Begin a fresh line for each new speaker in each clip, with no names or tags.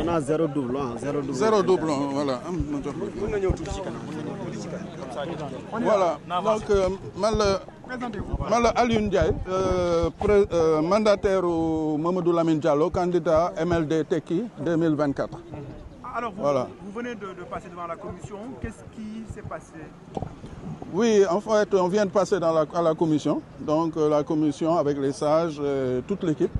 on a zéro double, hein, Zéro double zéro double, hein, voilà. Voilà, donc euh, mal, Aliou Ndiaye, euh, euh mandataire au Mamadou Lamine Diallo, candidat MLD Teki 2024. Alors, vous, vous venez de, passer devant la commission. Qu'est-ce qui s'est passé Oui, en fait, on vient de passer à la commission. Donc, euh, la commission, avec les sages, toute l'équipe,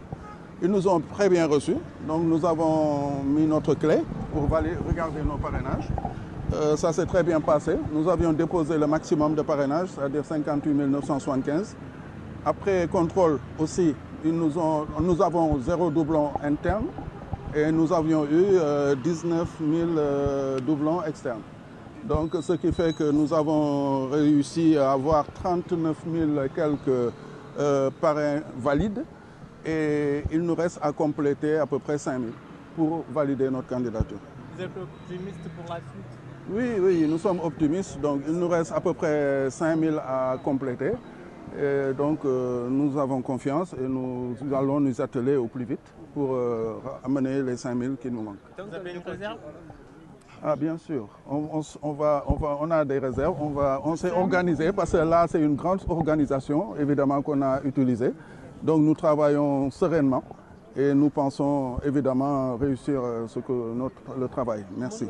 ils nous ont très bien reçus. Donc nous avons mis notre clé pour regarder nos parrainages. Euh, ça s'est très bien passé. Nous avions déposé le maximum de parrainages, c'est-à-dire 58 975. Après contrôle aussi, nous, avons zéro doublon interne et nous avions eu 19 euh, 000 euh, doublons externes. Donc ce qui fait que nous avons réussi à avoir 39 000 quelques parrains valides et il nous reste à compléter à peu près 5 000 pour valider notre candidature. Vous êtes optimiste pour la suite Oui, oui, nous sommes optimistes. Donc il nous reste à peu près 5 000 à compléter. Et donc euh, nous avons confiance et nous allons nous atteler au plus vite pour euh, amener les 5 000 qui nous manquent. vous avez une réserve ah bien sûr, on, a des réserves, on, on s'est organisé parce que là c'est une grande organisation évidemment qu'on a utilisée. Donc nous travaillons sereinement et nous pensons évidemment réussir euh, ce que notre, le travail. Merci.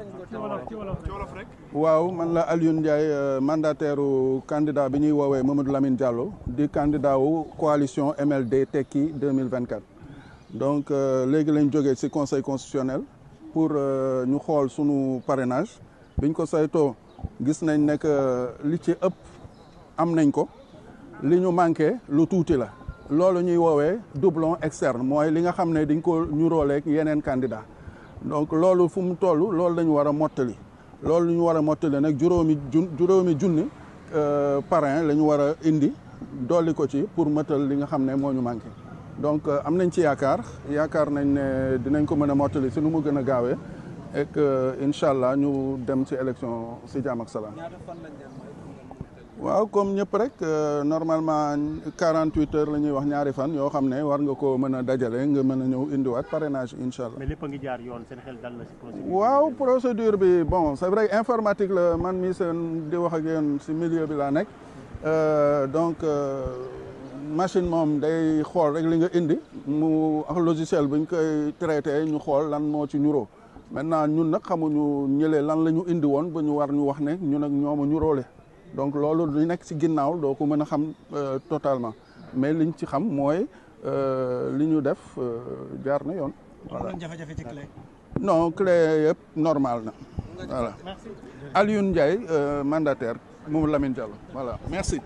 waaw man la Ndiaye euh, mandataire au candidat Bini Wawé Mamadou Lamine Diallo du candidat au coalition MLD teki 2024 donc euh, léegi lañ jógee ci conseil constitutionnel pour ñu xool sunu parrainage biñ ko saytoo gis nañ nekk li ci ëpp am nañ ko li ñu manqué tout tuuti la loolu ñuy woowee doublon externe mooy li nga xam ne dañ ko ñu rooleeg yeneen candidat donc loolu fu mu toll loolu lañu war a mottali loolu la ñu war a mottali nag juróomi jun juróomi junni euh, parrain la ñu war a indi dolli ko ci pour mëtal li nga xam ne moo ñu manqué donc euh, am nañ ci yaakaar yaakaar nañ ne dinañ ko mën a mottali si nu mu gën a gaawee et que euh, incha allah ñu dem ci élection si jaam ak salaam waaw comme ñëpp rek euh, normalement 48 heures la ñuy wax ñaari fan yoo xam ne war nga ko mën a dajale nga mën a ñëw indiwaat parrainage incha allah. mais lépp ngi jaar yoon seen xel dal na si procédure waaw procédure bi bon c' est vrai informatique la man mii seen di wax ak yéen si milieu bi laa nekk euh, donc euh, machine moom day xool rek li nga indi mu ak logiciel bu ñu koy traité ñu xool lan moo ci ñuroo maintenant ñun nag xamuñu lan la ñu indi woon ba ñu war ñu wax ne ñun ak ñoom a ñuroole donc lolu ñu nek ci ginnaw do ko mëna xam euh, totalement mais liñ ci xam moy euh liñu def euh, jaar na yoon. voilà jafe-jafe ci clé. non clé yépp normal na. voilà Alioune euh mandataire moom Lamine Diallo voilà merci.